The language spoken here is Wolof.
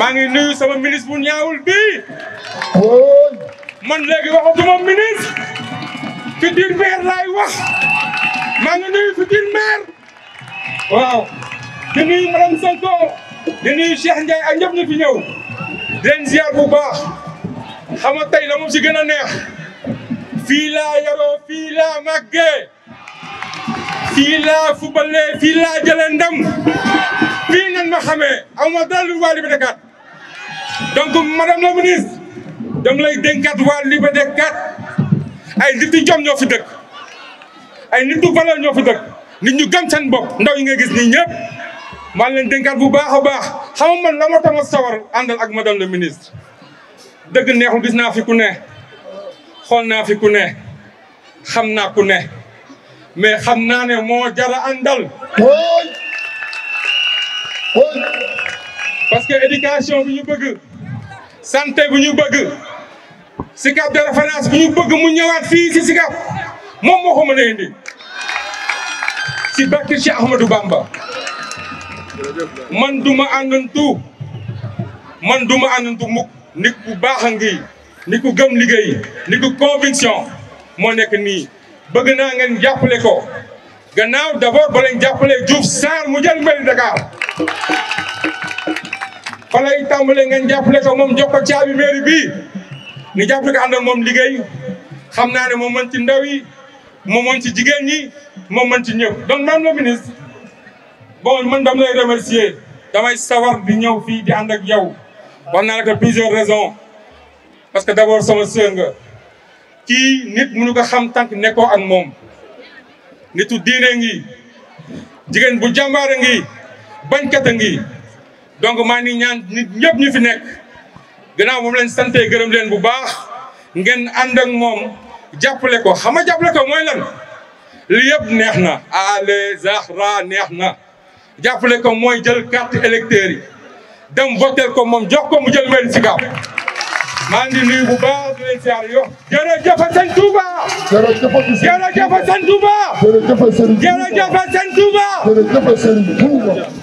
maa ngi nuyu sama ministre bu ñaawul bii man léegi waxatuma ministre futur maire laay wax maa ngi nuyu futur maire waaw di nuyu madame Sonko di nuyu Cheikh Ndiaye ak ñëpp ñu fi ñëw di leen ziar bu baax xama nga tey la moom si gën a neex fii laa yaroo fii laa màggee fii laa fubalee fii laa jëlee ndam fii nan ma xamee aw ma daal lu waa Liberté 4 donc madame la ministre dama lay dénkaat waa Liberté 4 ay nit yu jom ñoo fi dëkk ay nit yu valeur ñoo fi dëkk nit ñu gëm seen bopp ndaw yi nga gis nii ñëpp maa leen dénkaat bu baax a baax xam man la ma tax ma sawar àndal ak madame la ministre dëgg neexul gis naa fi ku ne xool naa fi ku ne xam naa ku ne mais xam naa ne moo jara àndal. parce que bi ñu bëgg santé bu ñu bëgg SICAP de référence bu ñu bëgg mu ñëwaat fii si SICAP moom moo ko mën indi si barke Cheikh Ahmadou Bamba man duma àndantu man duma àndantu mukk nit ku baax a ngi nit ku gëm liggéey nit ku conviction moo nekk nii bëgg naa ngeen jàppale ko ga naaw ba leen jàppale Diouf Sarr mu jël mbëri tàmbalee ngeen jàppale ko moom jox ko caabi mairie bi ñu jàppale ko ànd ak moom liggéey xam naa ne moom mën ci ndaw yi moom mën ci jigéen ñi moom mën ci ñëw donc madame la ministre bon man dam lay remercier damay sawar di ñëw fii di ànd ak yow wax naa la ko plusieurs parce que d'abord sama sœur nga kii nit mënu ko xam tànk nekkoo ak moom nitu diine ngi jigéen bu jàmbaare ngi bañkat a ngi donc maa ngi ñaan nit ñëpp ñu fi nekk gannaaw moom lañ sante gërëm leen bu baax ngeen ànd ak moom jàppale ko xam nga jàppale ko mooy lan li yëpp neex na ale zahra neex na jàppale ko mooy jël carte électeur yi dem votel ko moom jox ko mu jël mairie Sicap maa ngi nuyu bu baax di leen siyaar yo jërëjëf sëñ Touba jërëjëf